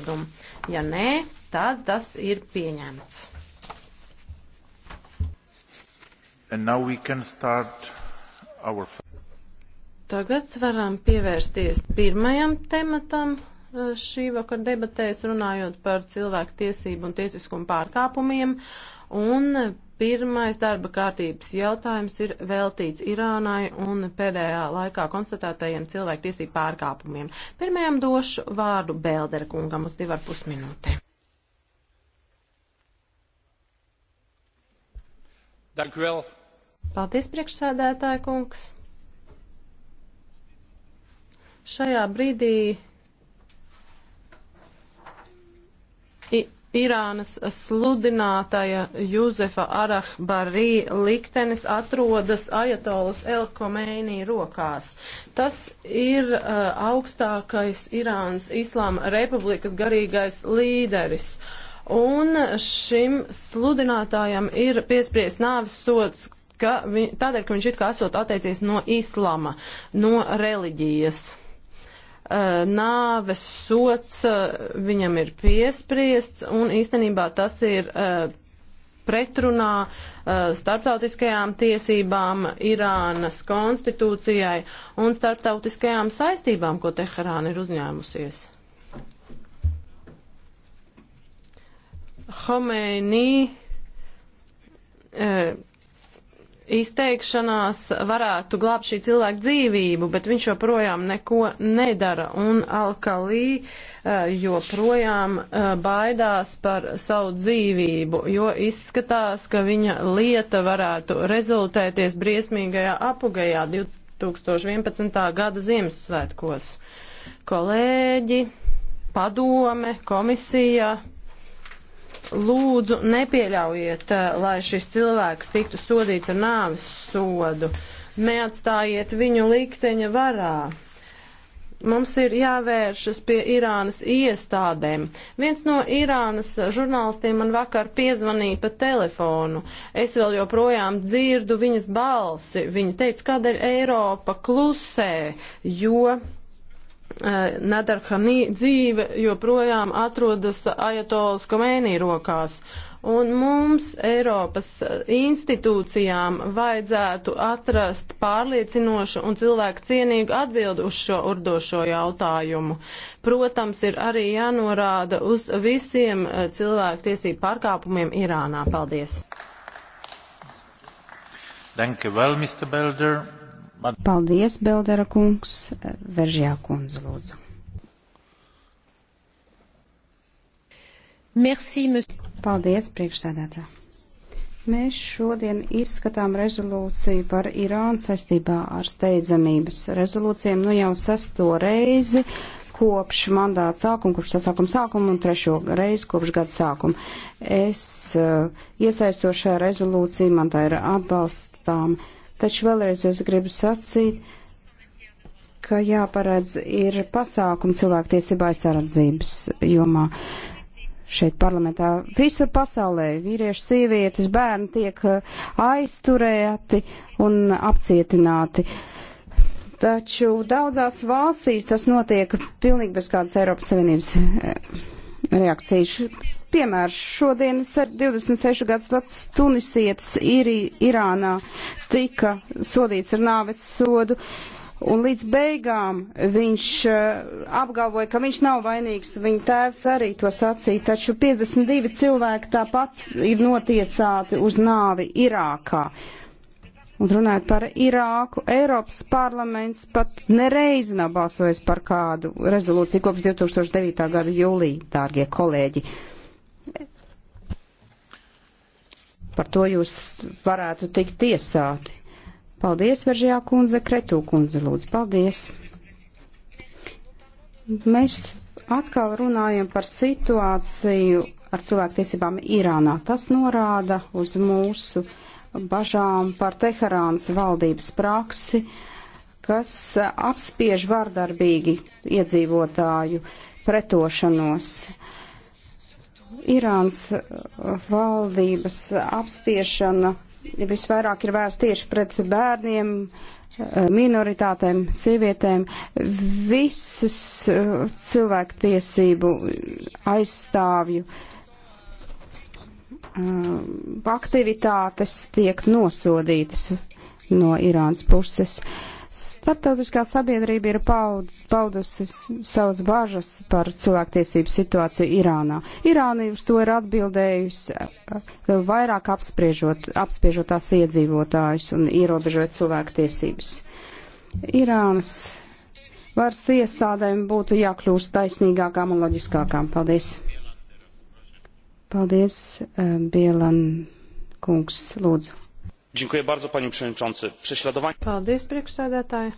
iebildumu. Ja nē, tad tas ir pieņemts. Our... Tagad varam pievērsties pirmajam tematam eh, šī vakar debatēs, runājot par cilvēku tiesību un tiesiskumu pārkāpumiem. Un Pirmais darba kārtības jautājums ir veltīts Irānai un pēdējā laikā konstatētajiem cilvēktiesību pārkāpumiem. Pirmajam došu vārdu Bēldera kungam uz divar pusminūte. Dankvēl. Paldies, priekšsēdētāja kungs. Šajā brīdī Irānas sludinātāja Juzefa Arahbarī liktenis atrodas Ajatolas Elkomēnī rokās. Tas ir uh, augstākais Irānas Islāma republikas garīgais līderis. Un šim sludinātājam ir piespriezt nāves sots ka vi, tādēļ, ka viņš it kā esot atteicies no islama, no reliģijas. Eh, nāves sots eh, viņam ir piespriests un īstenībā tas ir eh, pretrunā starptautiskajām tiesībām, Irānas konstitūcijai un starptautiskajām saistībām, ko Teherāna ir uzņēmusies. Homēnī izteikšanās varētu glābt šī cilvēka dzīvību, bet viņš joprojām neko nedara. Un Alkalī eh, joprojām eh, baidās par savu dzīvību, jo izskatās, ka viņa lieta varētu rezultēties briesmīgajā apugajā 2011. gada Ziemassvētkos. Kolēģi, padome, komisija Lūdzu, nepieļaujiet, eh, lai šis cilvēks tiktu sodīts ar nāvis sodu. Neatstājiet viņu likteņa varā mums ir jāvēršas pie Irānas iestādēm. Viens no Irānas žurnālistiem man vakar piezvanīja pa telefonu. Es vēl joprojām dzirdu viņas balsi. Viņa teica, kādēļ Eiropa klusē, jo Eh, Nadarhanī dzīve joprojām atrodas Ajatolas Komēnī rokās. Un mums Eiropas eh, institūcijām vajadzētu atrast pārliecinošu un cilvēku cienīgu atbildu uz šo urdošo jautājumu. Protams, ir arī jānorāda uz visiem eh, cilvēku tiesību pārkāpumiem Irānā. Paldies! Danke vēl, well, Mr. Belder. Man... Paldies, Beldera kungs, Veržjā kundze, lūdzu. Merci, monsieur. Paldies, priekšsēdētā. Mēs šodien izskatām rezolūciju par Irānu saistībā ar steidzamības rezolūcijiem nu jau sesto reizi kopš mandāta sākuma, kopš sasākuma sākuma un trešo reizi kopš gada sākuma. Es uh, iesaistošajā rezolūcijā man tā ir atbalstām. Uh, Taču vēlreiz es gribu sacīt, ka jāparedz ir pasākumi cilvēktiesība aizsardzības jomā. Šeit parlamentā visur pasaulē vīrieši, sievietes, bērni tiek uh, aizturēti un apcietināti. Taču daudzās valstīs tas notiek pilnīgi bez kādas Eiropas Savienības eh, reakciju. Piemērs šodienas ar 26 gadus vecs tunisietis ir, Irānā tika sodīts ar nāves sodu. Un līdz beigām viņš eh, apgalvoja, ka viņš nav vainīgs, viņa tēvs arī to sacīja, taču 52 cilvēki tāpat ir notiesāti uz nāvi Irākā. Un runājot par Irāku, Eiropas parlaments pat nereiz nav balsojis par kādu rezolūciju kopš 2009. gada jūlija, dārgie kolēģi. Par to jūs varētu tikt tiesāti. Paldies, Veržijā kundze, Kretū kundze, lūdzu, paldies. Mēs atkal runājam par situāciju ar cilvēktiesībām Irānā. Tas norāda uz mūsu bažām par Teherānas valdības praksi, kas apspiež vardarbīgi iedzīvotāju pretošanos. Irānas valdības apspiešana visvairāk ir vērsta tieši pret bērniem, minoritātēm, sievietēm. Visas cilvēktiesību aizstāvju uh, Um, aktivitātes tiek nosodītas no Irānas puses. Startautiskā sabiedrība ir paud, paudusi savas bažas par cilvēktiesību situāciju Irānā. Irāna uz to ir atbildējusi uh, vēl vairāk apspriežot, apspriežot tās iedzīvotājus un ierobežot cilvēktiesības. Irānas varas iestādēm būtu jākļūst taisnīgākām un loģiskākām. Paldies! Paldies, eh, Bielan kungs, lūdzu. Dziękuję bardzo, panie przewodniczący. Prześladowanie. Paldies, priekšsēdētāji.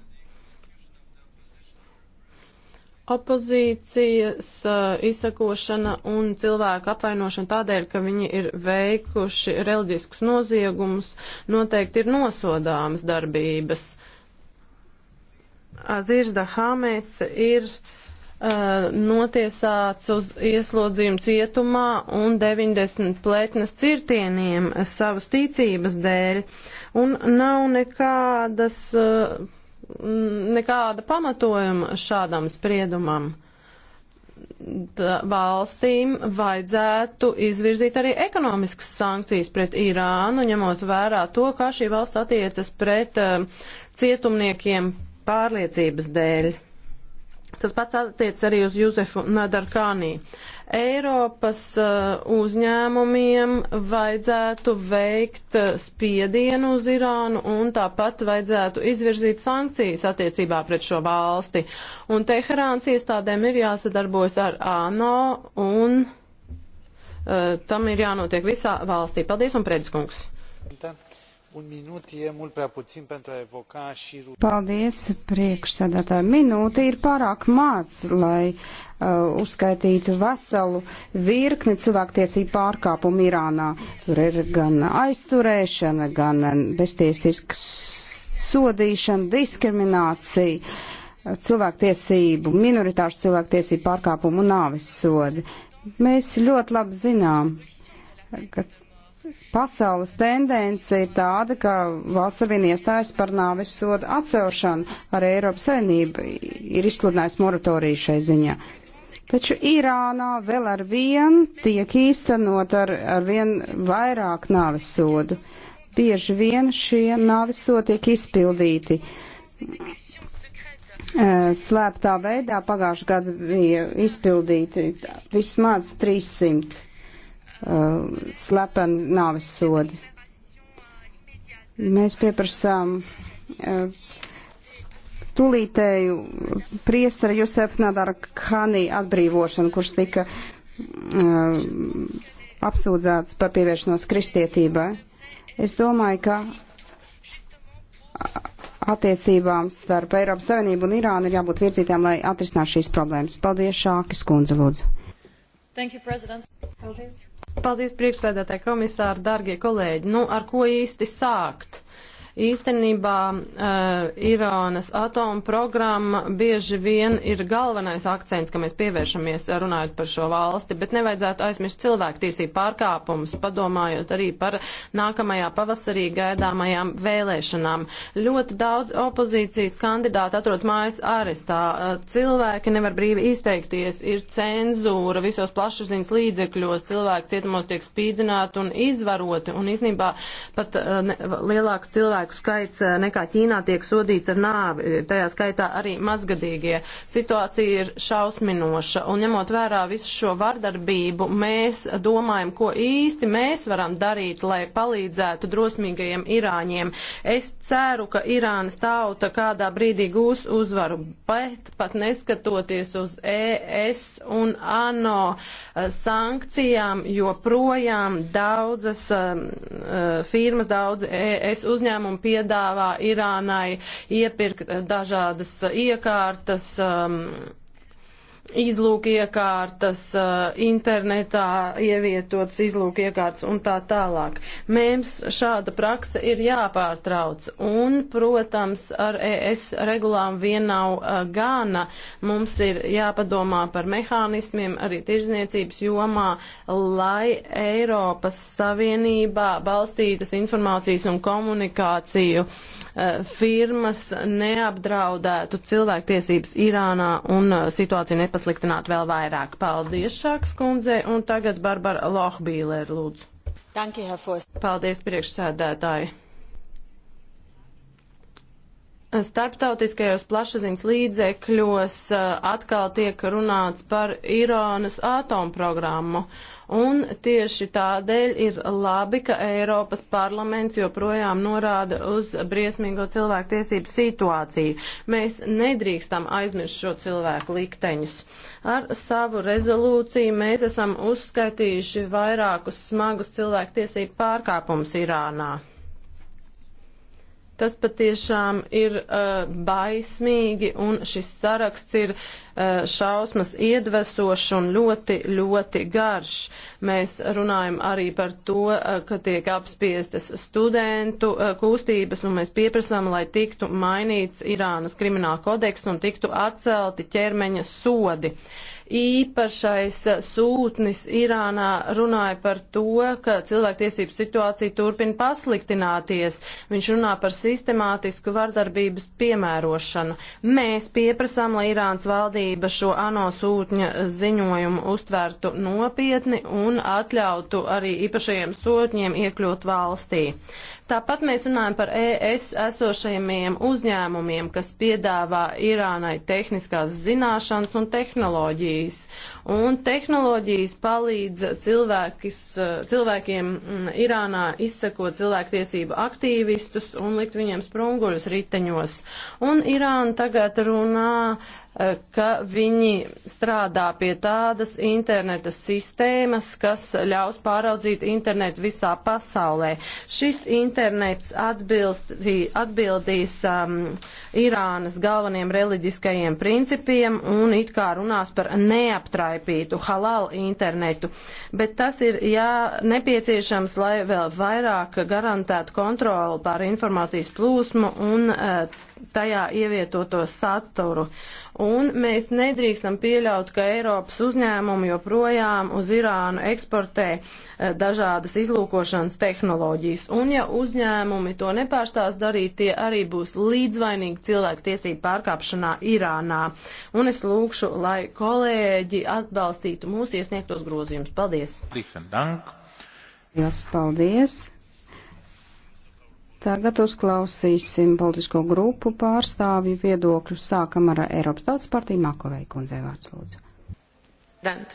Opozīcijas eh, izsakošana un cilvēku apvainošana tādēļ, ka viņi ir veikuši reliģiskus noziegumus, noteikti ir nosodāmas darbības. Azirda Hamets ir. Uh, Uh, notiesāts uz ieslodzījumu cietumā un 90 plētnes cirtieniem savas ticības dēļ, un nav nekādas, uh, nekāda pamatojuma šādam spriedumam. Tā valstīm vajadzētu izvirzīt arī ekonomiskas sankcijas pret Irānu, ņemot vērā to, kā šī valsts attiecas pret uh, cietumniekiem pārliecības dēļ. Tas pats attiec arī uz Juzefu Nadarkānī. Eiropas uh, uzņēmumiem vajadzētu veikt uh, spiedienu uz Irānu un tāpat vajadzētu izvirzīt sankcijas attiecībā pret šo valsti. Un Teherāns iestādēm ir jāsadarbojas ar ANO un uh, tam ir jānotiek visā valstī. Paldies un prēdiskungs. Tā. Un minūte ir mult prea puțin pentru a evoca și... Paldies, priekšsēdētāji. Minūte ir pārāk maz, lai uh, uzskaitītu veselu virkni cilvēktiesību pārkāpumu Irānā. Tur ir gan aizturēšana, gan bestiestiska sodīšana, diskriminācija. Uh, cilvēktiesību, minoritāšu cilvēktiesību pārkāpumu un nāvis sodi. Mēs ļoti labi zinām, ka Pasaules tendence ir tāda, ka valsts arvien iestājas par nāves sodu atcelšanu. Arī Eiropas Savienība ir izsludinājusi moratoriju šai ziņā. Taču Irānā vēl ar vien tiek īstenot ar, ar vien vairāk nāves sodu. Bieži vien šie nāves sodi tiek izpildīti. Eh, slēptā veidā pagājušajā gadā bija izpildīti vismaz 300 Uh, slepeni nāvis sodi. Mēs pieprasām uh, tulītēju priestara Jusefa Nadara Khani atbrīvošanu, kurš tika uh, apsūdzēts par pievēršanos kristietībai. Es domāju, ka attiecībām starp Eiropas Savienību un Irānu ir jābūt virzītām, lai atrisinās šīs problēmas. Paldies, Šākas kundze, lūdzu. Thank you, President. Paldies. Paldies, priekšsēdētāji komisāri, dargie kolēģi. Nu, ar ko īsti sākt? Īstenībā uh, Irānas atoma programma bieži vien ir galvenais akcents, ka mēs pievēršamies eh, runājot par šo valsti, bet nevajadzētu aizmirst cilvēktiesību pārkāpumus, padomājot arī par nākamajā pavasarī gaidāmajām vēlēšanām. Ļoti daudz opozīcijas kandidāti atrodas mājas arestā. Uh, cilvēki nevar brīvi izteikties, ir cenzūra visos plašsaziņas līdzekļos, cilvēki cietumos tiek spīdzināti un izvaroti, un īstenībā pat uh, ne, lielāks cilvēks cilvēku skaits eh, nekā Ķīnā tiek sodīts ar nāvi, tajā skaitā arī mazgadīgie. Situācija ir šausminoša, un ņemot vērā visu šo vardarbību, mēs domājam, ko īsti mēs varam darīt, lai palīdzētu drosmīgajiem Irāņiem. Es ceru, ka Irānas tauta kādā brīdī gūs uzvaru, bet pat neskatoties uz ES un ANO eh, sankcijām, joprojām daudzas uh, firmas, daudz ES uzņēmumu un piedāvā Irānai iepirkt dažādas iekārtas. Um, izlūkiekārtas, eh, internetā ievietotas izlūkiekārtas un tā tālāk. Mēms šāda praksa ir jāpārtrauc un, protams, ar ES regulām vien nav eh, gana. Mums ir jāpadomā par mehānismiem arī tirzniecības jomā, lai Eiropas Savienībā balstītas informācijas un komunikāciju Eh, firmas neapdraudētu cilvēktiesības Irānā un eh, situāciju nepasliktinātu vēl vairāk. Paldies, Šāks kundzei, un tagad Barbara Lohbīler, lūdzu. Danke, Paldies, priekšsēdētāji. Starptautiskajos plašsaziņas līdzekļos atkal tiek runāts par Irānas atomprogrammu, un tieši tādēļ ir labi, ka Eiropas parlaments joprojām norāda uz briesmīgo cilvēku tiesību situāciju. Mēs nedrīkstam aizmirst šo cilvēku likteņus. Ar savu rezolūciju mēs esam uzskaitījuši vairākus smagus cilvēku tiesību pārkāpumus Irānā. Tas patiešām ir uh, baismīgi, un šis saraksts ir uh, šausmas iedvesošs un ļoti, ļoti garš. Mēs runājam arī par to, uh, ka tiek apspiestas studentu uh, kustības, un mēs pieprasām, lai tiktu mainīts Irānas krimināla kodeks un tiktu atcelti ķermeņa sodi. Uh, Īpašais sūtnis Irānā runāja par to, ka cilvēktiesību situācija turpina pasliktināties. Viņš runā par sistemātisku vardarbības piemērošanu. Mēs pieprasām, lai Irānas valdība šo ANO sūtņa ziņojumu uztvērtu nopietni un atļautu arī īpašajiem sūtņiem iekļūt valstī. Tāpat mēs runājam par ES esošajiem uzņēmumiem, kas piedāvā Irānai tehniskās zināšanas un tehnoloģijas un tehnoloģijas palīdz cilvēkis, eh, cilvēkiem mm, Irānā izsekot cilvēktiesību aktīvistus un likt viņiem sprunguļus riteņos. Un Irāna tagad runā, eh, ka viņi strādā pie tādas interneta sistēmas, kas ļaus pāraudzīt internetu visā pasaulē. Šis internets atbilst, atbildīs um, Irānas galveniem reliģiskajiem principiem un it kā runās par neaptrājumiem ietaupītu halal internetu, bet tas ir jā, nepieciešams, lai vēl vairāk garantētu kontroli pār informācijas plūsmu un eh, tajā ievietoto saturu un mēs nedrīkstam pieļaut, ka Eiropas uzņēmumi joprojām uz Irānu eksportē eh, dažādas izlūkošanas tehnoloģijas. Un ja uzņēmumi to nepārstās darīt, tie arī būs līdzvainīgi cilvēku tiesību pārkāpšanā Irānā. Un es lūkšu, lai kolēģi atbalstītu mūsu iesniegtos grozījumus. Paldies! Liels paldies! Tagad uzklausīsim politisko grupu pārstāvju viedokļu. Sākam ar Eiropas Tautas partiju Makovei kundzei vārds lūdzu. Dent.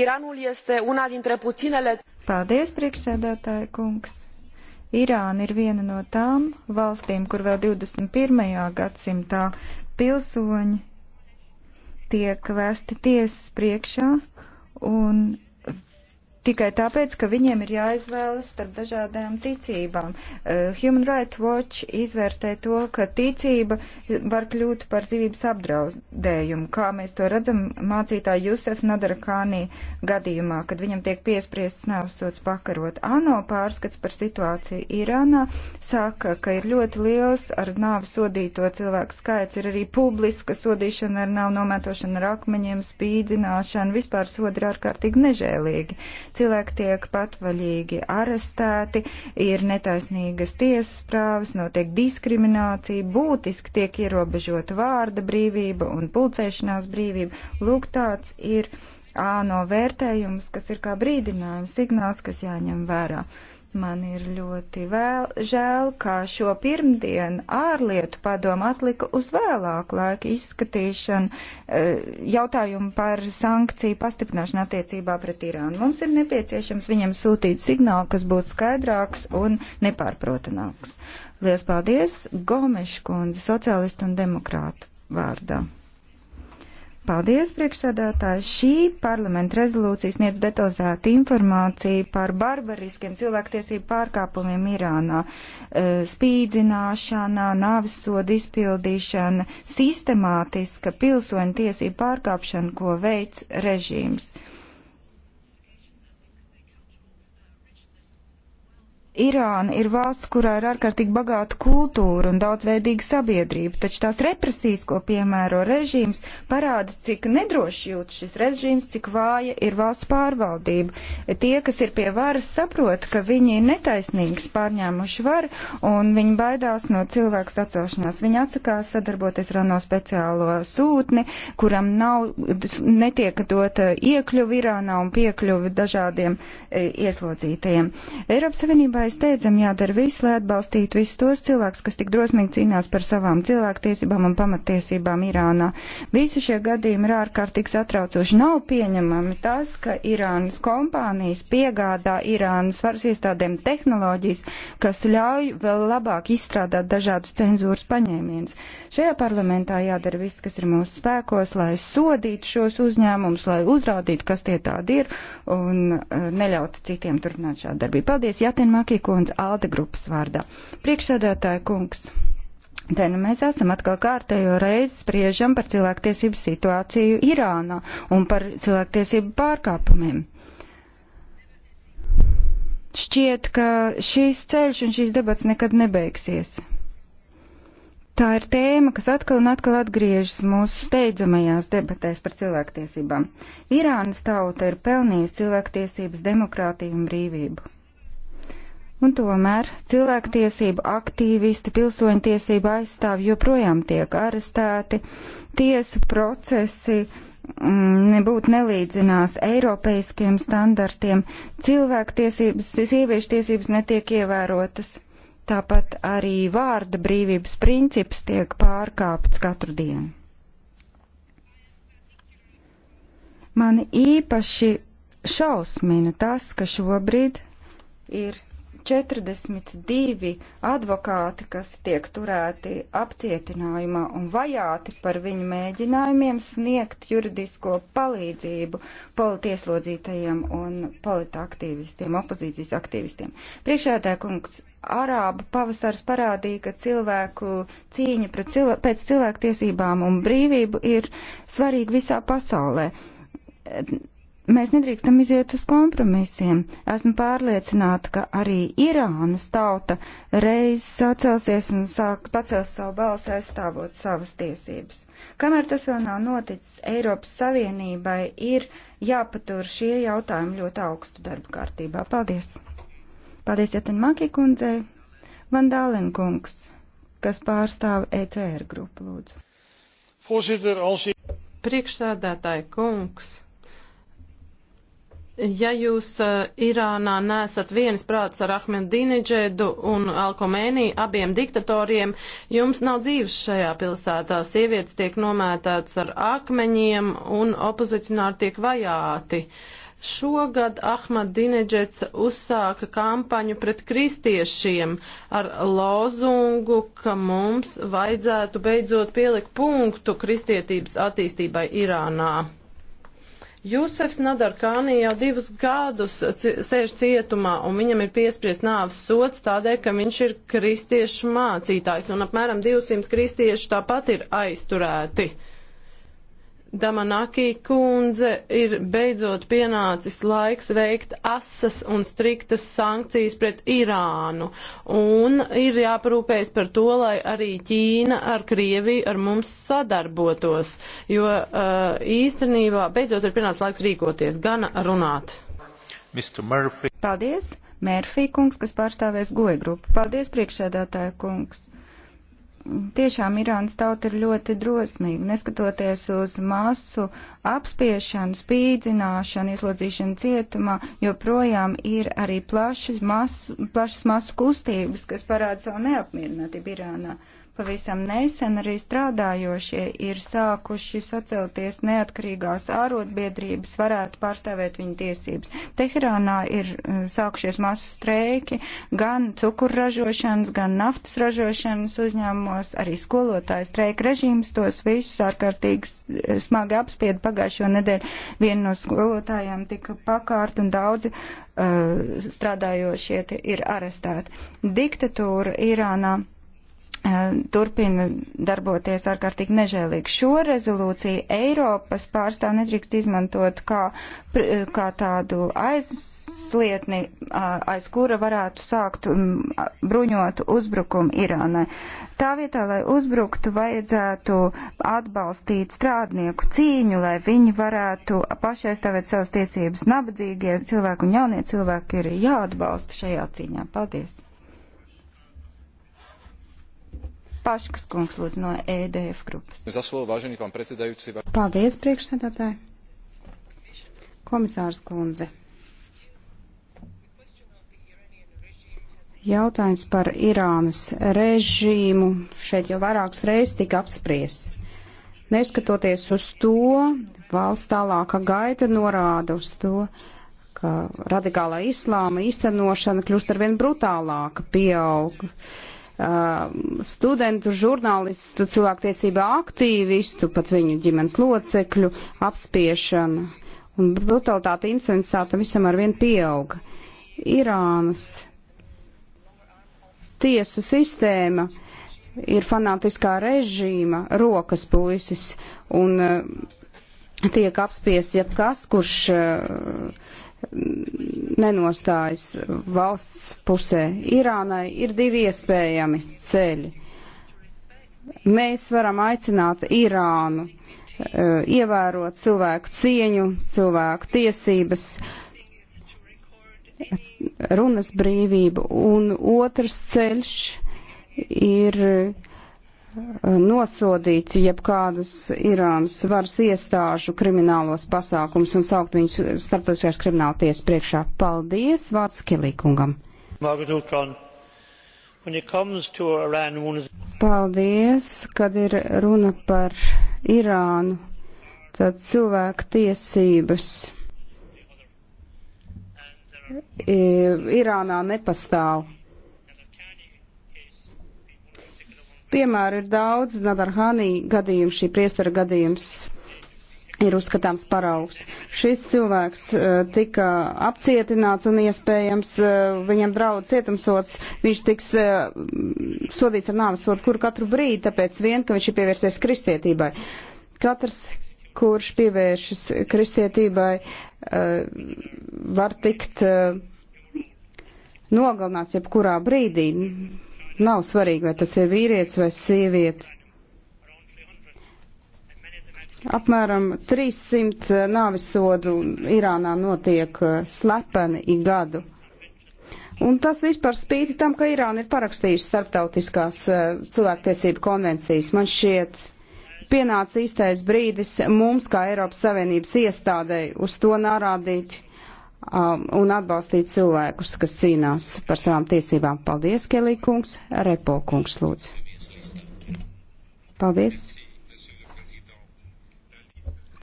Iranul este una dintre puținele. Paldies, priekšsēdētāja kungs. Irāna ir viena no tām valstīm, kur vēl 21. gadsimtā pilsoņi tiek vēsti tiesas priekšā un tikai tāpēc, ka viņiem ir jāizvēlas starp dažādām ticībām. Eh, Human Rights Watch izvērtē to, ka ticība var kļūt par dzīvības apdraudējumu, kā mēs to redzam mācītāja Jusef Nadarakānī gadījumā, kad viņam tiek piespriests nāvsots pakarot. ANO pārskats par situāciju Irānā saka, ka ir ļoti liels ar nāvu sodīto cilvēku skaits, ir arī publiska sodīšana ar nāvu nomētošanu ar akmeņiem, spīdzināšanu, vispār sodi ir ārkārtīgi nežēlīgi cilvēki tiek patvaļīgi arestēti, ir netaisnīgas tiesas prāvas, notiek diskriminācija, būtiski tiek ierobežota vārda brīvība un pulcēšanās brīvība. Lūk, tāds ir āno vērtējums, kas ir kā brīdinājums, signāls, kas jāņem vērā. Man ir ļoti vēl, žēl, kā šo pirmdienu ārlietu padomu atlika uz vēlāku laiku izskatīšanu e, jautājumu par sankciju pastiprināšanu attiecībā pret Irānu. Mums ir nepieciešams viņam sūtīt signālu, kas būtu skaidrāks un nepārprotamāks. Lielas paldies Gomeša kundze, sociālistu un demokrātu vārdā. Paldies, priekšsēdētāji. Šī parlamenta rezolūcija sniedz detalizētu informāciju par barbariskiem cilvēktiesību pārkāpumiem Irānā. E, spīdzināšana, nāvisoda izpildīšana, sistemātiska pilsoņu tiesību pārkāpšana, ko veids režīms. Irāna ir valsts, kurā ir ārkārtīgi bagāta kultūra un daudzveidīga sabiedrība, taču tās represijas, ko piemēro režīms, parāda, cik nedroši jūt šis režīms, cik vāja ir valsts pārvaldība. Tie, kas ir pie varas, saprot, ka viņi ir netaisnīgas pārņēmuši varu un viņi baidās no cilvēku sacelšanās. Viņi atsakās sadarboties ar no speciālo sūtni, kuram nav, netiek dota iekļuvi Irānā un piekļuvi dažādiem e, ieslodzītajiem. Eiropas Savienībai lai steidzam jādara viss, lai atbalstītu visus tos cilvēkus, kas tik drosmīgi cīnās par savām cilvēktiesībām un pamatiesībām Irānā. Visi šie gadījumi ir ārkārtīgi satraucoši. Nav pieņemami tas, ka Irānas kompānijas piegādā Irānas varas iestādēm tehnoloģijas, kas ļauj vēl labāk izstrādāt dažādus cenzūras paņēmienus. Šajā parlamentā jādara viss, kas ir mūsu spēkos, lai sodītu šos uzņēmumus, lai uzrādītu, kas tie tādi ir un eh, neļautu citiem turpināt šādu darbību. Paldies, Jātin Makī! Raptī kundze Alde grupas vārdā. Priekšsēdētāja kungs. Te nu mēs esam atkal kārtējo reizi spriežam par cilvēktiesību situāciju Irānā un par cilvēktiesību pārkāpumiem. Šķiet, ka šīs ceļš un šīs debats nekad nebeigsies. Tā ir tēma, kas atkal un atkal atgriežas mūsu steidzamajās debatēs par cilvēktiesībām. Irānas tauta ir pelnījusi cilvēktiesības, demokrātiju un brīvību. Un tomēr cilvēktiesību aktīvisti, pilsoņtiesība aizstāvi joprojām tiek arestēti, tiesu procesi mm, nebūtu nelīdzinās eiropeiskiem standartiem, cilvēktiesības, sieviešu tiesības netiek ievērotas. Tāpat arī vārda brīvības princips tiek pārkāpts katru dienu. Mani īpaši šausmina tas, ka šobrīd ir 42 advokāti, kas tiek turēti apcietinājumā un vajāti par viņu mēģinājumiem sniegt juridisko palīdzību politieslodzītajiem un politaktīvistiem, opozīcijas aktīvistiem. Priekšētā kungs Arābu pavasars parādīja, ka cilvēku cīņa cilvē, pēc cilvēktiesībām un brīvību ir svarīga visā pasaulē Mēs nedrīkstam iziet uz kompromisiem. Esmu pārliecināta, ka arī Irānas tauta reiz sacelsies un sāk pacels savu balsi aizstāvot savas tiesības. Kamēr tas vēl nav noticis, Eiropas Savienībai ir jāpatur šie jautājumi ļoti augstu darba kārtībā. Paldies! Paldies, Jatan Maki kundzei! Vandālen kungs, kas pārstāv ECR grupu, lūdzu. Priekšsēdētāji kungs! Ja jūs uh, Irānā nesat vienas prātas ar Ahmedinidžēdu un Alkomēnī, abiem diktatoriem, jums nav dzīves šajā pilsētā. Sievietes tiek nomētātas ar akmeņiem un opozicionāri tiek vajāti. Šogad Ahmedinidžets uzsāka kampaņu pret kristiešiem ar lozungu, ka mums vajadzētu beidzot pielikt punktu kristietības attīstībai Irānā. Jūsefs Nadarkāni jau divus gadus sēž cietumā, un viņam ir piespriezt nāves sots tādēļ, ka viņš ir kristiešu mācītājs, un apmēram 200 kristiešu tāpat ir aizturēti. Uh, Damanakī kundze ir beidzot pienācis laiks veikt asas un striktas sankcijas pret Irānu, un ir jāparūpējas par to, lai arī Ķīna ar Krieviju ar mums sadarbotos, jo uh, īstenībā beidzot ir pienācis laiks rīkoties, gan runāt. Paldies, Mērfī kungs, kas pārstāvēs goja grupu. Paldies, priekšsēdētāja kungs tiešām Irānas tauta ir ļoti drosmīga, neskatoties uz masu apspiešanu, spīdzināšanu, ieslodzīšanu cietumā, joprojām ir arī plašas masu, plašas masu kustības, kas parāda savu neapmierinātību Irānā. Uh, Pavisam nesen arī strādājošie ir sākuši sacelties neatkarīgās ārotbiedrības, varētu pārstāvēt viņu tiesības. Teherānā ir eh, sākušies masu streiki gan cukurražošanas, gan naftas ražošanas uzņēmumos, arī skolotāju streika režīms tos visus ārkārtīgi eh, smagi apspieda pagājušo nedēļu. Viena no skolotājām tika pakārt un daudzi uh, strādājošie ir arestēti. Diktatūra Irānā turpina darboties ārkārtīgi nežēlīgi. Šo rezolūciju Eiropas pārstāv nedrīkst izmantot kā, kā tādu aizslietni, aiz kura varētu sākt bruņotu uzbrukumu Irānai. Tā vietā, lai uzbruktu, vajadzētu atbalstīt strādnieku cīņu, lai viņi varētu pašaizstāvēt savas tiesības. Nabadzīgie cilvēki un jaunie cilvēki ir jāatbalsta šajā cīņā. Paldies! Paškas kungs lūdzu no EDF grupas. Paldies, priekšsēdētāji. Komisārs kundze. Jautājums par Irānas režīmu šeit jau vairākas reizes tika apspriests. Neskatoties uz to, valsts tālāka gaita norāda uz to, ka radikālā islāma īstenošana kļūst arvien brutālāka, pieaug uh, Um, studentu, žurnālistu, cilvēktiesību aktīvistu, pat viņu ģimenes locekļu apspiešana un brutalitāte incensāta visam ar vien pieauga. Irānas tiesu sistēma ir fanātiskā režīma rokas puisis un uh, tiek apspiesti jebkas, kurš uh, nenostājas valsts pusē. Irānai ir divi iespējami ceļi. Mēs varam aicināt Irānu eh, ievērot cilvēku cieņu, cilvēku tiesības, runas brīvību, un otrs ceļš ir nosodīt jebkādus Irānas varas iestāžu kriminālos pasākumus un saukt viņus starptautiskās krimināla tiesas priekšā. Paldies, vārds Kelīkungam. Paldies, kad ir runa par Irānu, tad cilvēku tiesības. Eh, Irānā nepastāv Piemēra ir daudz, Nadarhānī gadījums, šī priestara gadījums ir uzskatāms paraugs. Šis cilvēks uh, tika apcietināts un iespējams uh, viņam draud cietumsots. Viņš tiks uh, sodīts ar nāves sodu kur katru brīdi, tāpēc vien, ka viņš ir pievērsies kristietībai. Katrs, kurš pievēršas kristietībai, uh, var tikt uh, nogalināts jebkurā brīdī. Nav svarīgi, vai tas ir vīrietis vai sieviete. Apmēram 300 nāvisodu Irānā notiek eh, slepeni ik gadu. Un tas vispār spīti tam, ka Irāna ir parakstījusi starptautiskās eh, cilvēktiesību konvencijas. Man šķiet, pienāca īstais brīdis mums, kā Eiropas Savienības iestādēji, uz to norādīt um, un atbalstīt cilvēkus, kas cīnās par savām tiesībām. Paldies, Kelī kungs, Repo kungs, lūdzu. Paldies.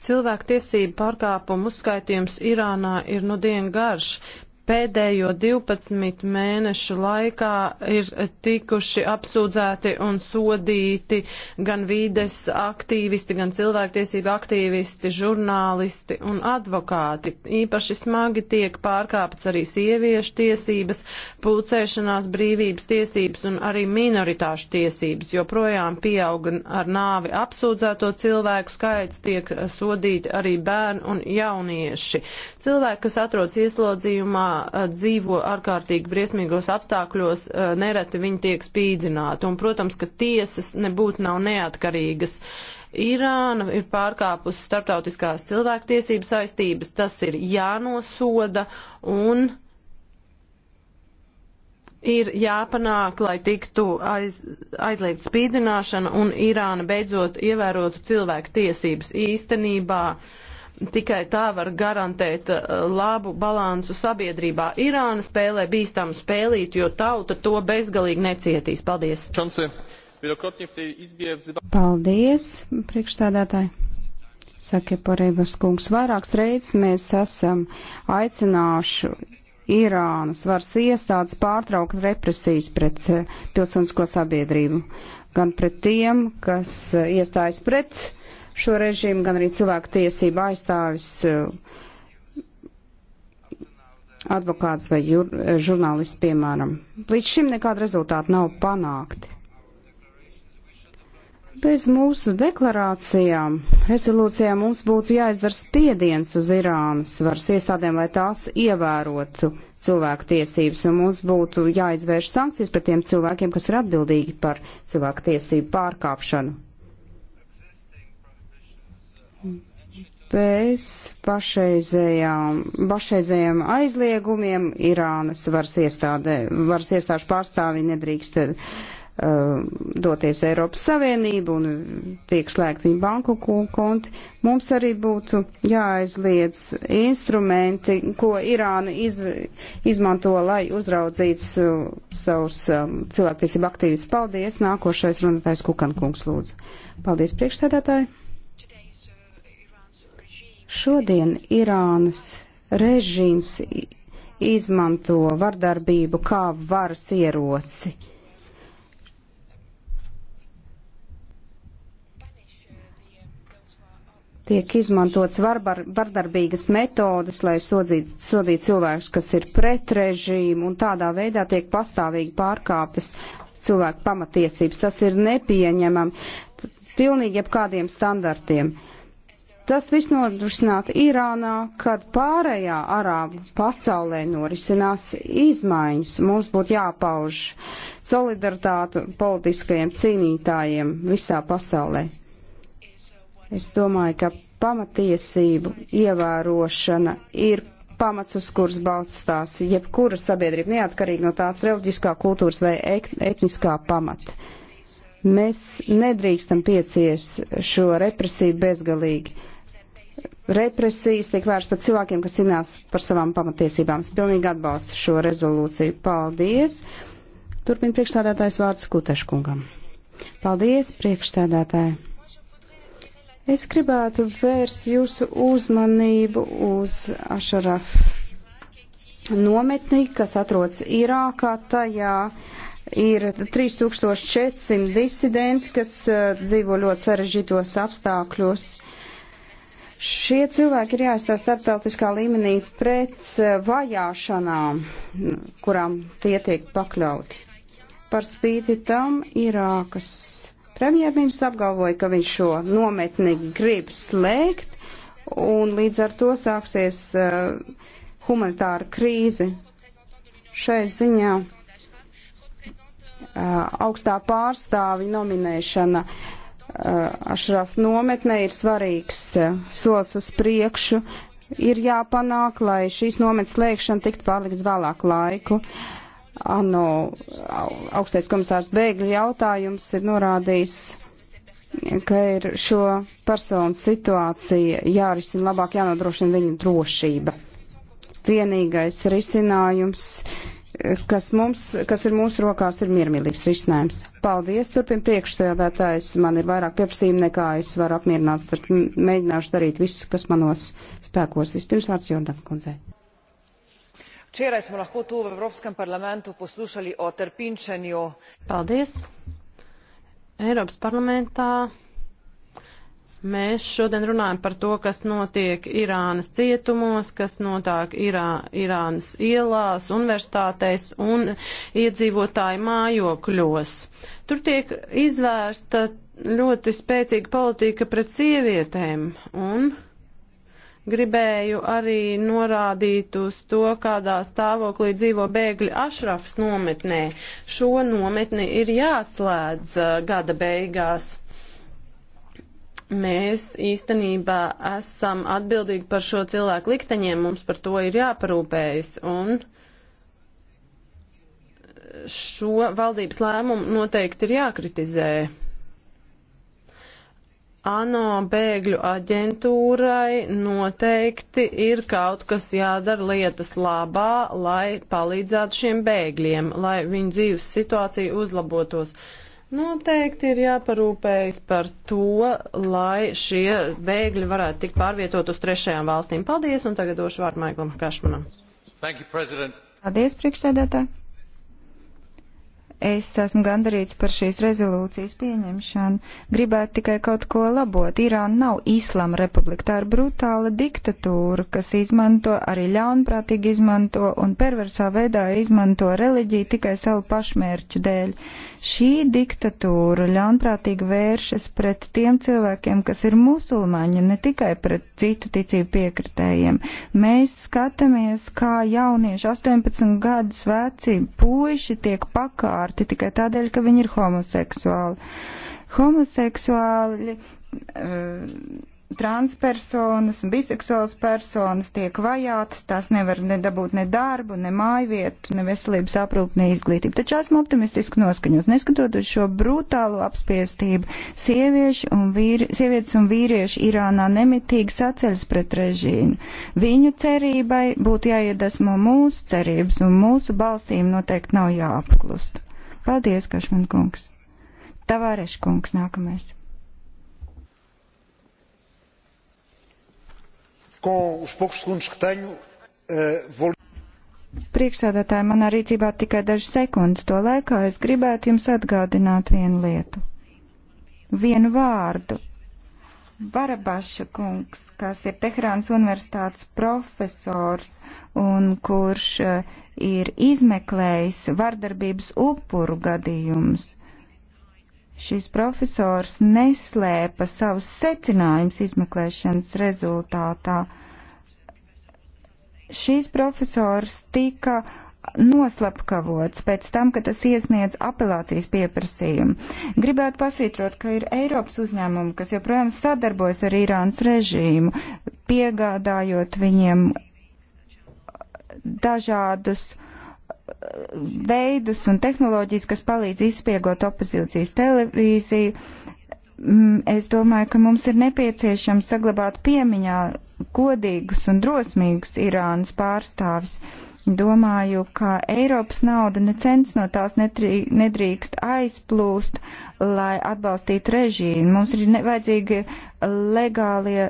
Cilvēku tiesību pārkāpumu uzskaitījums Irānā ir nu dienu garš pēdējo 12 mēnešu laikā ir tikuši apsūdzēti un sodīti gan vīdes aktīvisti, gan cilvēktiesība aktīvisti, žurnālisti un advokāti. Īpaši smagi tiek pārkāpts arī sieviešu tiesības, pulcēšanās brīvības tiesības un arī minoritāšu tiesības. Joprojām pieauga ar nāvi apsūdzēto cilvēku skaits, tiek sodīti arī bērni un jaunieši. Cilvēki, kas atrodas ieslodzījumā, Uh, dzīvo ārkārtīgi briesmīgos apstākļos, uh, nereti viņi tiek spīdzināti. Un, protams, ka tiesas nebūtu nav neatkarīgas. Irāna ir pārkāpusi starptautiskās cilvēktiesības saistības, tas ir jānosoda un ir jāpanāk, lai tiktu aiz, aizliegt spīdzināšana un Irāna beidzot ievērotu cilvēku tiesības īstenībā. Uh, Tikai tā var garantēt uh, labu balansu sabiedrībā. Irāna spēlē bīstamu spēlīt, jo tauta to bezgalīgi necietīs. Paldies! Paldies, priekšstādātāji! Saka Parības kungs, vairākas reizes mēs esam aicināšu Irānas varas iestādes pārtraukt represijas pret uh, pilsonisko sabiedrību, gan pret tiem, kas uh, iestājas pret uh, šo režīmu, gan arī cilvēku tiesību aizstāvis eh, advokāts vai jur, eh, žurnālists, piemēram. Līdz šim nekāda rezultāta nav panākti. Bez mūsu deklarācijām, rezolūcijām mums būtu jāizdara spiediens uz Irānas varas iestādēm, lai tās ievērotu cilvēku tiesības, un mums būtu jāizvērš sankcijas pret tiem cilvēkiem, kas ir atbildīgi par cilvēku tiesību pārkāpšanu. bez pašreizējiem aizliegumiem Irānas varas, iestādē, varas iestāžu pārstāvi nedrīkst uh, doties Eiropas Savienību un tiek slēgt viņu banku konti. Mums arī būtu jāaizliedz instrumenti, ko Irāna iz, izmanto, lai uzraudzītu uh, savus um, cilvēktiesību aktīvis. Paldies! Nākošais runātājs Kukankungs lūdzu. Paldies, priekšsēdētāji! Šodien Irānas režīms izmanto vardarbību kā varas ieroci. Tiek izmantots varbar, vardarbīgas metodas, lai sodzītu sodīt cilvēkus, kas ir pret režīmu, un tādā veidā tiek pastāvīgi pārkāptas cilvēku pamatiesības. Tas ir nepieņemami pilnīgi jebkādiem standartiem. Uh, Tas viss nodrošinātu Irānā, kad pārējā arābu pasaulē norisinās izmaiņas. Mums būtu jāpauž solidaritāte politiskajiem cīnītājiem visā pasaulē. Es domāju, ka pamatiesību ievērošana ir pamats, uz kuras balstās jebkura sabiedrība, neatkarīgi no tās reliģiskā, kultūras vai etniskā pamata. Mēs nedrīkstam pieciest šo represiju bezgalīgi represijas tiek vērsts pret cilvēkiem, kas cīnās par savām pamatiesībām. Es pilnīgi atbalstu šo rezolūciju. Paldies! Turpin priekšstādātājs vārds Kuteškungam. Paldies, priekšstādātāji! Es gribētu vērst jūsu uzmanību uz Ašaraf nometni, kas atrodas Irākā. Tajā ir 3400 disidenti, kas eh, dzīvo ļoti sarežģītos apstākļos. Šie cilvēki ir jāizstāv starptautiskā līmenī pret eh, vajāšanām, kurām tie tiek pakļauti. Par spīti tam Irākas premjerministrs apgalvoja, ka viņš šo nometni grib slēgt, un līdz ar to sāksies uh, humanitāra krīze. Šai ziņā uh, augstā pārstāvi nominēšana uh, Eh, Ašraf nometne ir svarīgs eh, solis uz priekšu. Ir jāpanāk, lai šīs nometnes slēgšana tiktu pārliks vēlāk laiku. Ano, augstais komisārs bēgļu jautājums ir norādījis, ka ir šo personu situācija jārisina labāk, jānodrošina viņu drošība. Vienīgais risinājums kas, mums, kas ir mūsu rokās, ir miermīlīgs risinājums. Paldies, turpin priekšsēdētājs. Man ir vairāk pieprasījumi nekā es varu apmierināt, tad mēģināšu darīt visu, kas manos spēkos. Vispirms vārds Jordan kundzei. Včeraj smo lahko tu v Evropskem parlamentu poslušali o trpinčenju. Paldies. Eiropas parlamentā Mēs šodien runājam par to, kas notiek Irānas cietumos, kas notiek Irā, Irānas ielās, universitātēs un iedzīvotāju mājokļos. Tur tiek izvērsta ļoti spēcīga politika pret sievietēm un gribēju arī norādīt uz to, kādā stāvoklī dzīvo bēgļi Ašrafs nometnē. Šo nometni ir jāslēdz uh, gada beigās. Mēs īstenībā esam atbildīgi par šo cilvēku likteņiem, mums par to ir jāparūpējas. Un šo valdības lēmumu noteikti ir jākritizē. ANO bēgļu aģentūrai noteikti ir kaut kas jādara lietas labā, lai palīdzētu šiem bēgļiem, lai viņu dzīves situācija uzlabotos. Uh, Noteikti ir jāparūpējas par to, lai šie bēgļi varētu tikt pārvietot uz trešajām valstīm. Paldies, un tagad došu vārdu Maiklam Kašmanam. You, Paldies, priekšsēdētāji! Es esmu gandarīts par šīs rezolūcijas pieņemšanu. Gribētu tikai kaut ko labot. Irāna nav Īslama republika, tā ir brutāla diktatūra, kas izmanto, arī ļaunprātīgi izmanto un perversā veidā izmanto reliģiju tikai savu pašmērķu dēļ. Šī diktatūra ļaunprātīgi vēršas pret tiem cilvēkiem, kas ir musulmaņi, ne tikai pret citu ticību piekritējiem. Mēs skatāmies, kā jaunieši 18 gadus veci puiši tiek pakārti kārti tikai tādēļ, ka viņi ir homoseksuāli. Homoseksuāli. Uh, transpersonas un biseksuālas personas tiek vajātas, tās nevar nedabūt ne darbu, ne mājvietu, ne veselības aprūpu, ne izglītību. Taču esmu optimistiski noskaņots, neskatot uz šo brutālo apspiestību. Sievieši un vīri, sievietes un vīrieši Irānā nemitīgi saceļas pret režīmu. Viņu cerībai būtu jāiedasmo mūsu cerības, un mūsu balsīm noteikti nav jāapklust. Paldies, Kašman kungs. Tavāreš kungs nākamais. Com os poucos segundos que tenho, uh, e, vou priekšsādātāji, manā rīcībā tikai dažas sekundes. To laikā es gribētu jums atgādināt vienu lietu. Vienu vārdu, Barabaša kungs, kas ir Teherānas universitātes profesors un kurš eh, ir izmeklējis vardarbības upuru gadījumus. Šis profesors neslēpa savus secinājumus izmeklēšanas rezultātā. Šis profesors tika uh, noslapkavots pēc tam, ka tas iesniedz apelācijas pieprasījumu. Gribētu pasvītrot, ka ir Eiropas uzņēmumi, kas joprojām sadarbojas ar Irānas režīmu, piegādājot viņiem dažādus uh, veidus un tehnoloģijas, kas palīdz izspiegot opozīcijas televīziju. Mm, es domāju, ka mums ir nepieciešams saglabāt piemiņā godīgus un drosmīgus Irānas pārstāvis. Uh, Domāju, ka Eiropas nauda ne cents no tās nedrīkst aizplūst, lai atbalstītu režīmu. Mums ir vajadzīgi legālie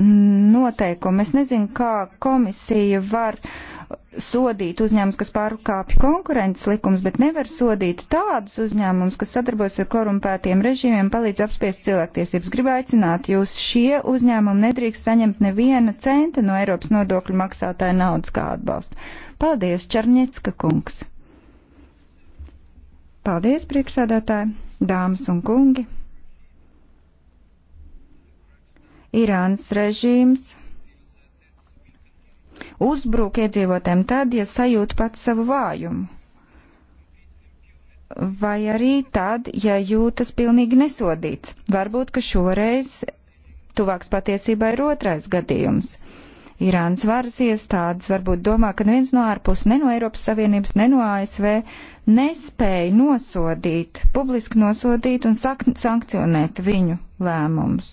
noteikumi. Es nezinu, kā komisija var sodīt uzņēmumus, kas pārkāpj konkurences likums, bet nevar sodīt tādus uzņēmumus, kas sadarbojas ar korumpētiem režīmiem, palīdz apspiest cilvēktiesības. Gribu aicināt jūs, šie uzņēmumi nedrīkst saņemt neviena centa no Eiropas nodokļu maksātāja naudas kā atbalstu. Paldies, Černiecka kungs! Paldies, priekšsēdētāji, dāmas un kungi! Irānas režīms uzbrūk iedzīvotēm tad, ja sajūt pats savu vājumu. Vai arī tad, ja jūtas pilnīgi nesodīts. Varbūt, ka šoreiz tuvāks patiesībā ir otrais gadījums. Irānas varas iestādes varbūt domā, ka neviens no ārpus, ne no Eiropas Savienības, ne no ASV nespēja nosodīt, publiski nosodīt un sankcionēt viņu lēmumus.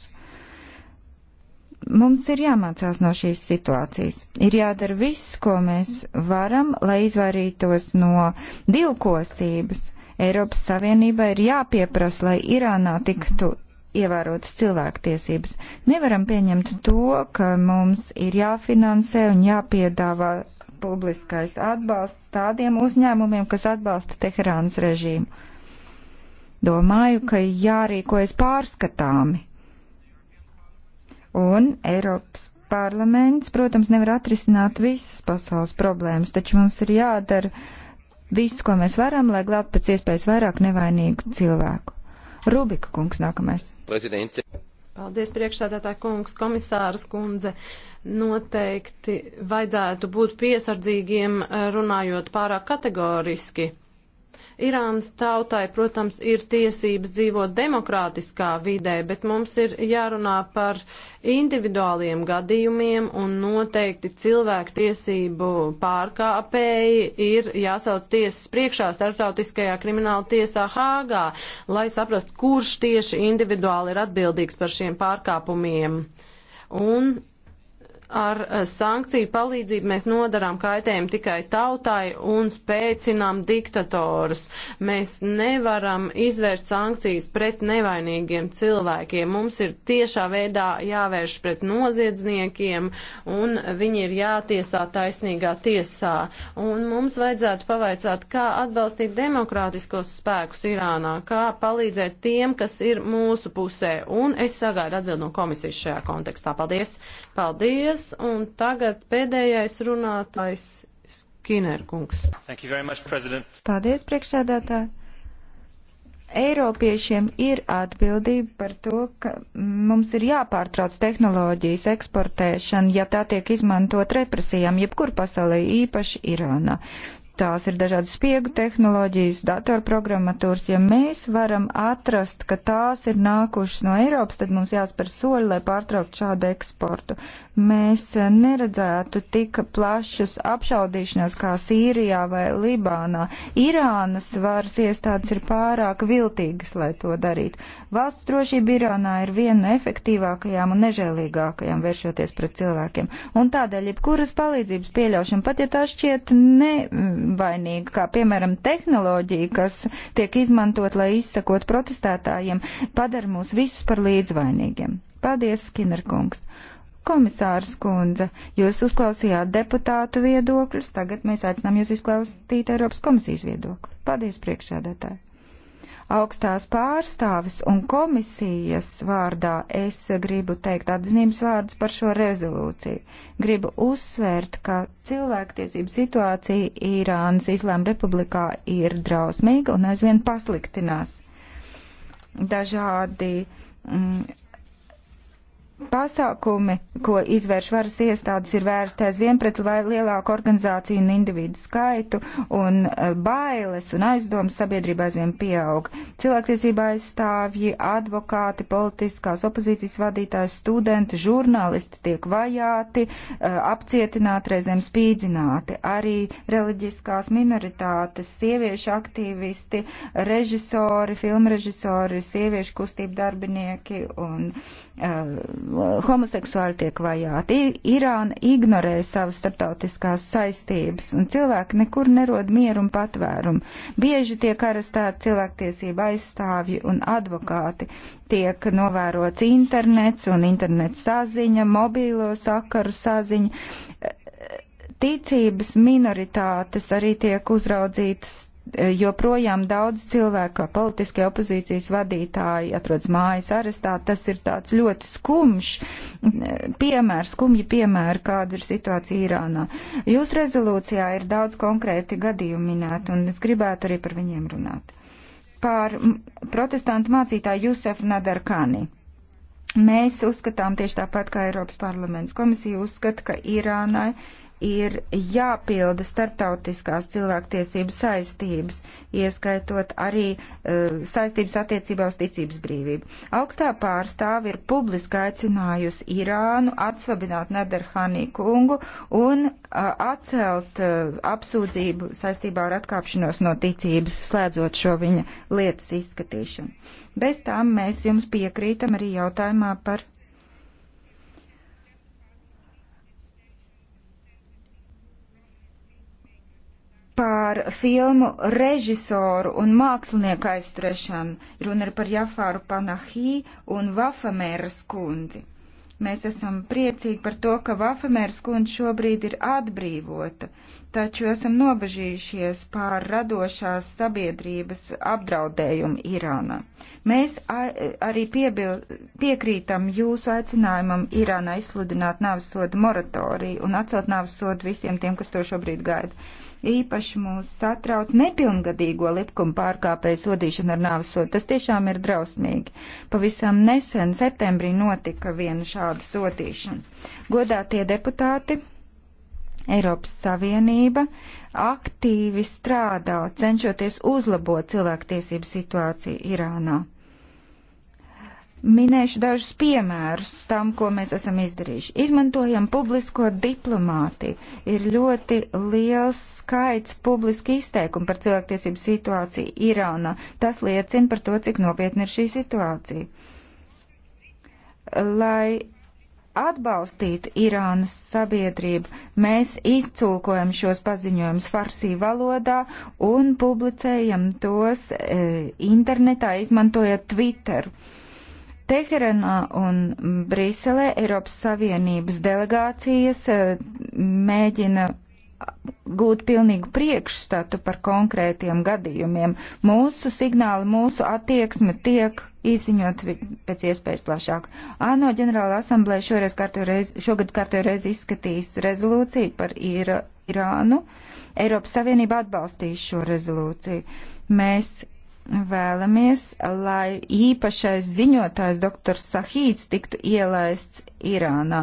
Mums ir jāmācās no šīs situācijas. Ir jādara viss, ko mēs varam, lai izvairītos no divkosības. Eiropas Savienībai ir jāpieprasa, lai Irānā tiktu ievērotas cilvēktiesības. Nevaram pieņemt to, ka mums ir jāfinansē un jāpiedāvā publiskais atbalsts tādiem uzņēmumiem, kas atbalsta Teherānas režīmu. Domāju, ka jārīkojas pārskatāmi. Un Eiropas parlaments, protams, nevar atrisināt visas pasaules problēmas, taču mums ir jādara viss, ko mēs varam, lai glābtu pēc iespējas vairāk nevainīgu cilvēku. Rubika kungs nākamais. Prezidents. Paldies, priekšsēdētāja kungs, komisāras kundze. Noteikti vajadzētu būt piesardzīgiem runājot pārāk kategoriski. Irānas tautai, protams, ir tiesības dzīvot demokrātiskā vidē, bet mums ir jārunā par individuāliem gadījumiem un noteikti cilvēku tiesību pārkāpēji ir jāsauc tiesas priekšā starptautiskajā krimināla tiesā Hāgā, lai saprast, kurš tieši individuāli ir atbildīgs par šiem pārkāpumiem. Un Ar eh, sankciju palīdzību mēs nodarām kaitējumu tikai tautai un spēcinām diktatorus. Mēs nevaram izvērst sankcijas pret nevainīgiem cilvēkiem. Mums ir tiešā veidā jāvērš pret noziedzniekiem un viņi ir jātiesā taisnīgā tiesā. Un mums vajadzētu pavaicāt, kā atbalstīt demokrātiskos spēkus Irānā, kā palīdzēt tiem, kas ir mūsu pusē. Un es sagaidu atbildu no komisijas šajā kontekstā. Paldies! Paldies! Paldies, un tagad pēdējais runātājs Skinerkungs. Paldies, priekšsēdētāji. Eiropiešiem ir atbildība par to, ka mums ir jāpārtrauc tehnoloģijas eksportēšana, ja tā tiek izmantot represijām, jebkur pasaulē, īpaši Irānā. Tās ir dažādas spiegu tehnoloģijas, datorprogrammatūras. Ja mēs varam atrast, ka tās ir nākušas no Eiropas, tad mums jāspēr soļi, lai pārtrauktu šādu eksportu. Mēs eh, neredzētu tik plašas apšaudīšanās kā Sīrijā vai Libānā. Irānas varas iestādes ir pārāk viltīgas, lai to darītu. Valsts drošība Irānā ir viena no efektīvākajām un nežēlīgākajām vēršoties pret cilvēkiem. Un tādēļ, jebkuras palīdzības pieļaušana, pat ja tā šķiet ne vainīga, kā piemēram tehnoloģija, kas tiek izmantot, lai izsakot protestētājiem, padara mūs visus par līdzvainīgiem. Paldies, Skinner kungs! Komisārs kundze, jūs uzklausījāt deputātu viedokļus, tagad mēs aicinām jūs izklausīt Eiropas komisijas viedokli. Paldies, priekšsēdētāji! Augstās pārstāvis un komisijas vārdā es gribu teikt atzinības vārdus par šo rezolūciju. Gribu uzsvērt, ka cilvēktiesību situācija Irānas Islāma republikā ir drausmīga un aizvien pasliktinās. Dažādi mm, Pasākumi, ko izvērš varas iestādes, ir vērsti aizvien pret lielāku organizāciju un individu skaitu, un e, bailes un aizdomas sabiedrībā aizvien pieaug. Cilvēktiesība aizstāvji, advokāti, politiskās opozīcijas vadītāji, studenti, žurnālisti tiek vajāti, e, apcietināti, reizēm spīdzināti. Arī reliģiskās minoritātes, sieviešu aktīvisti, režisori, filmrežisori, sieviešu kustību darbinieki un Ehm, homoseksuāli tiek vajāti. Irāna ignorē savas starptautiskās saistības, un cilvēki nekur nerod mieru un patvērumu. Bieži tiek arestēti cilvēktiesība aizstāvji un advokāti, tiek novērots internets un internets saziņa, mobīlo sakaru saziņa. Ticības minoritātes arī tiek uzraudzītas E, joprojām daudz cilvēku, kā politiskie opozīcijas vadītāji, atrodas mājas arestā. Tas ir tāds ļoti skumjš e, piemērs, skumji piemēri, kāda ir situācija Irānā. Jūsu rezolūcijā ir daudz konkrēti gadījumi minēti, un es gribētu arī par viņiem runāt. Pār protestantu mācītāju Jusefu Nadarkani. Mēs uzskatām tieši tāpat kā Eiropas parlaments komisija uzskata, ka Irānai uh, ir jāpilda starptautiskās cilvēktiesības saistības, ieskaitot arī uh, saistības attiecībā uz ticības brīvību. Augstā pārstāve ir publiski aicinājusi Irānu atsvabināt Nederhanī kungu un uh, atcelt uh, apsūdzību saistībā ar atkāpšanos no ticības, slēdzot šo viņa lietas izskatīšanu. Bez tām mēs jums piekrītam arī jautājumā par par filmu režisoru un mākslinieku aizturēšanu. Runa ir par Jafāru Panahī un Vafamēras kundzi. Mēs esam priecīgi par to, ka Vafamēras kundze šobrīd ir atbrīvota, taču esam nobežījušies pār radošās sabiedrības apdraudējumu Irānā. Mēs arī piebil, piekrītam jūsu aicinājumam Irānā izsludināt navsodu moratoriju un atcelt navsodu visiem tiem, kas to šobrīd gaida. Īpaši mūs satrauc nepilngadīgo likuma pārkāpēju sodīšana ar nāvsodu. Tas tiešām ir drausmīgi. Pavisam nesen septembrī notika viena šāda sodīšana. Godātie deputāti! Eiropas Savienība aktīvi strādā, cenšoties uzlabot cilvēktiesību situāciju Irānā. Minēšu dažus piemērus tam, ko mēs esam izdarījuši. Izmantojam publisko diplomātiju. Ir ļoti liels skaits publiski izteikumu par cilvēktiesību situāciju Irānā. Tas liecina par to, cik nopietna ir šī situācija. Lai atbalstītu Irānas sabiedrību, mēs izculkojam šos paziņojumus farsī valodā un publicējam tos e, internetā, izmantojot Twitteru. Teheranā un Briselē Eiropas Savienības delegācijas eh, mēģina gūt pilnīgu priekšstatu par konkrētiem gadījumiem. Mūsu signāli, mūsu attieksme tiek īsiņot pēc iespējas plašāk. ANO ģenerāla asamblēja šoreiz kārtu reiz, šogad kārtu reiz izskatīs rezolūciju par Irānu. Eiropas Savienība atbalstīs šo rezolūciju. Mēs vēlamies, lai īpašais ziņotājs dr. Sahīts tiktu ielaists Irānā.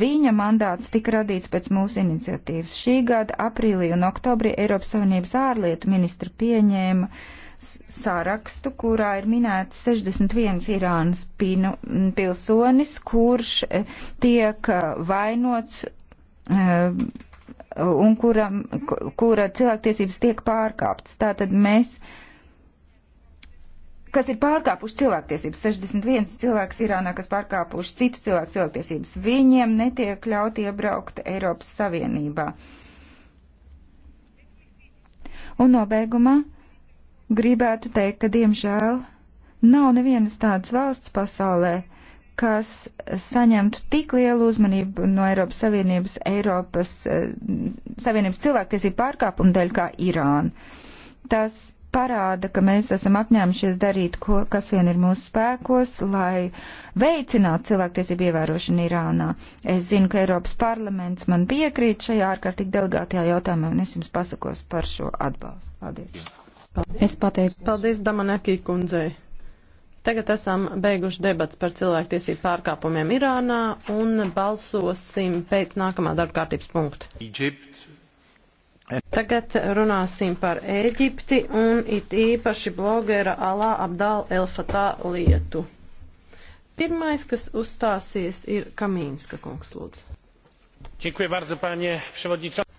Viņa mandāts tika radīts pēc mūsu iniciatīvas. Šī gada aprīlī un oktobrī Eiropas Savienības ārlietu ministri pieņēma sarakstu, kurā ir minēts 61 Irānas pinu, pilsonis, kurš eh, tiek eh, vainots. Uh, un kura, kura cilvēktiesības tiek pārkāptas. Tātad mēs uh, kas ir pārkāpuši cilvēktiesības. 61 cilvēks Irānā, kas pārkāpuši citu cilvēku cilvēktiesības, viņiem netiek ļaut iebraukt Eiropas Savienībā. Un nobeigumā gribētu teikt, ka diemžēl nav nevienas tādas valsts pasaulē, kas saņemtu tik lielu uzmanību no Eiropas Savienības, Eiropas eh, Savienības cilvēktiesību pārkāpumu dēļ kā Irāna. Tas parāda, ka mēs esam apņēmušies darīt, ko, kas vien ir mūsu spēkos, lai veicinātu cilvēktiesību ievērošanu Irānā. Es zinu, ka Eiropas parlaments man piekrīt šajā ārkārtīgi delegātajā jautājumā, un es jums pasakos par šo atbalstu. Paldies. Paldies. Es pateicu. Paldies, Damanekī kundzei. Tagad esam beiguši debats par cilvēktiesību pārkāpumiem Irānā un balsosim pēc nākamā darba kārtības punkta. Egypt. Tagad runāsim par Ēģipti un it īpaši blogera Alā Abdāla Elfatā lietu. Pirmais, kas uzstāsies, ir Kamīnska kungs, lūdzu. Dziękuję bardzo, panie przewodniczący.